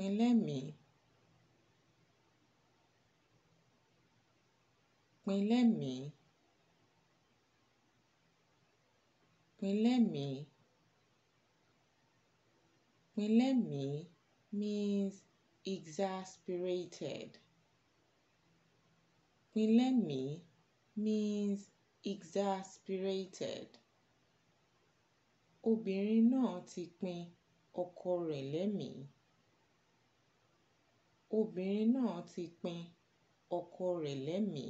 pin lẹ́mìí pin lẹ́mìí pin lẹ́mìí pin lẹ́mìí means exasperated pin lẹ́mìí means exasperated obìnrin náà ti pin ọkọ rẹ̀ lẹ́mìí obìnrin náà ti pin ọkọ rẹ̀ lémi